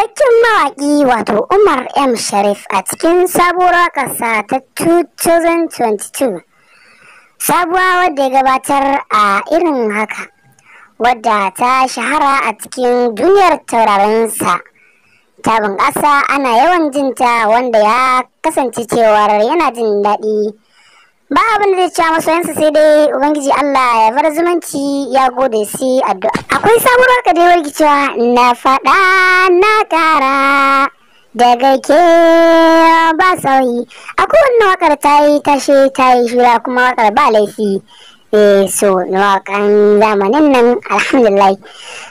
fitaccen mawaƙi wato Umar M. Sharif a cikin sabuwar ƙasa ta 2022. Sabuwa wadda ya gabatar a irin haka, wadda ta shahara a cikin duniyar taurarinsa. Ta bunƙasa ana yawan jinta wanda ya kasance cewar yana jin daɗi. Ba abin da cewa masoyansa sai dai Ubangiji Allah ya bar zumunci ya gode si addu'a. Akwai sabuwar ka dai na faɗa na kara daga ke ba sauyi akwai wannan wakar ta yi tashe ta yi shura kuma wakar ba laifi eh so wakan zamanin nan alhamdulillah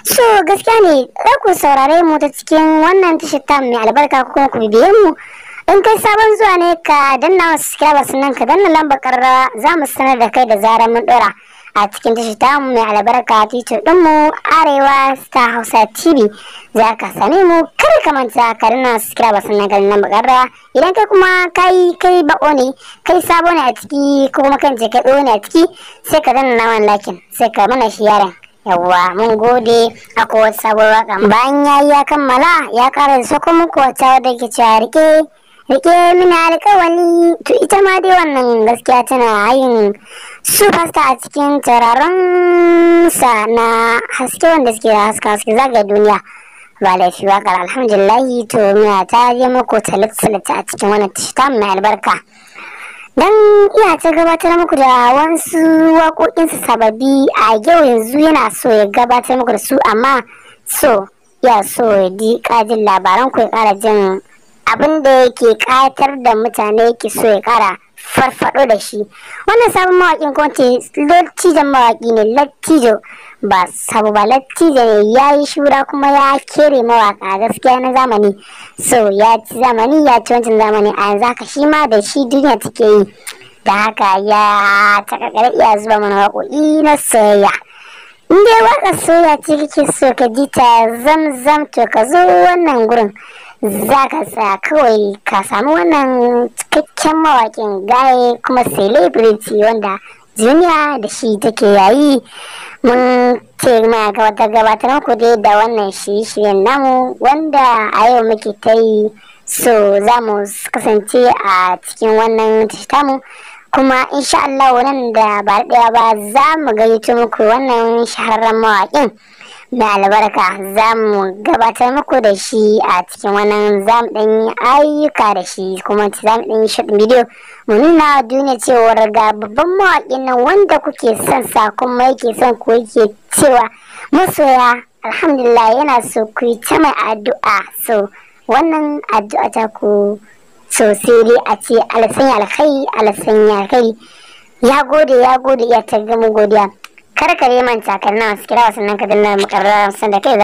so gaskiya ne za ku saurare mu ta cikin wannan tashar ta mai albarka kuma ku biye mu in kai sabon zuwa ne ka danna wasu subscribe sannan ka danna lambar karrawa za mu sanar da kai da zarar mun dora a cikin tashar ta mu mai albarka titin dinmu arewa star hausa tv za ka sani mu kar ka manta ka rina subscribe sannan ka rina bakarra idan kai kuma kai kai bako ne kai sabo ne a ciki ko kuma kan je kai ne a ciki sai ka danna naman lakin sai ka mana shi yaran yawwa mun gode a kowace sabuwar waka bayan yayi ya kammala ya kara sako muku wata wadda ke cewa rike rike mini alkawani to ita ma dai wannan gaskiya tana hayin superstar a cikin tararon sa na haske wanda suke da haska suke zaga duniya ba laifi wakar alhamdulillahi to miya ta je muku talit a cikin wannan tishita mai albarka don iya ta gabatar muku da wasu waƙoƙinsu sababi a yau yanzu yana so ya gabatar muku da su amma so ya so ya di kajin labaran ku ya ƙara jin abin da yake ƙayatar da mutane ke so ya kara farfaɗo da shi wannan sabon mawakin kwanci lottijan mawaki ne lattijo ba sabu ba lattijo ne ya yi shura kuma ya kere mawaƙa gaskiya na zamani so ya ci zamani ya ci wancan zamani a yanzu haka shi ma da shi duniya take yi da haka ya takakar iya zuba mana waƙoƙi na soyayya in dai waka soyayya ce kake so ka ji ta zamzam to ka zo wannan gurin za ka tsaya kawai ka samu wannan cikakken mawakin gaye kuma celebrity wanda duniya da shi take yayi mun ce ma gabatar ku dai da wannan shirye-shiryen namu wanda a yau muke ta yi so za mu kasance a cikin wannan tamu kuma insha Allah nan da ba daya ba za mu gaito muku wannan shahararren mawakin. na albarka za mu gabatar muku da shi a cikin wannan za ayyuka da shi kuma za mu ɗan yi shaɗin bidiyo mu nuna duniya cewar ga babban mawaƙin nan wanda kuke son sa kuma yake son ku yake cewa masoya alhamdulillah yana so ku yi ta mai addu'a so wannan addu'a ta ku so sai dai a ce alasanya alkhairi alasanya alkhairi ya gode ya gode ya ta gama godiya kar ka manta kan nan su kira wasannin ka dinna mukarrar da kai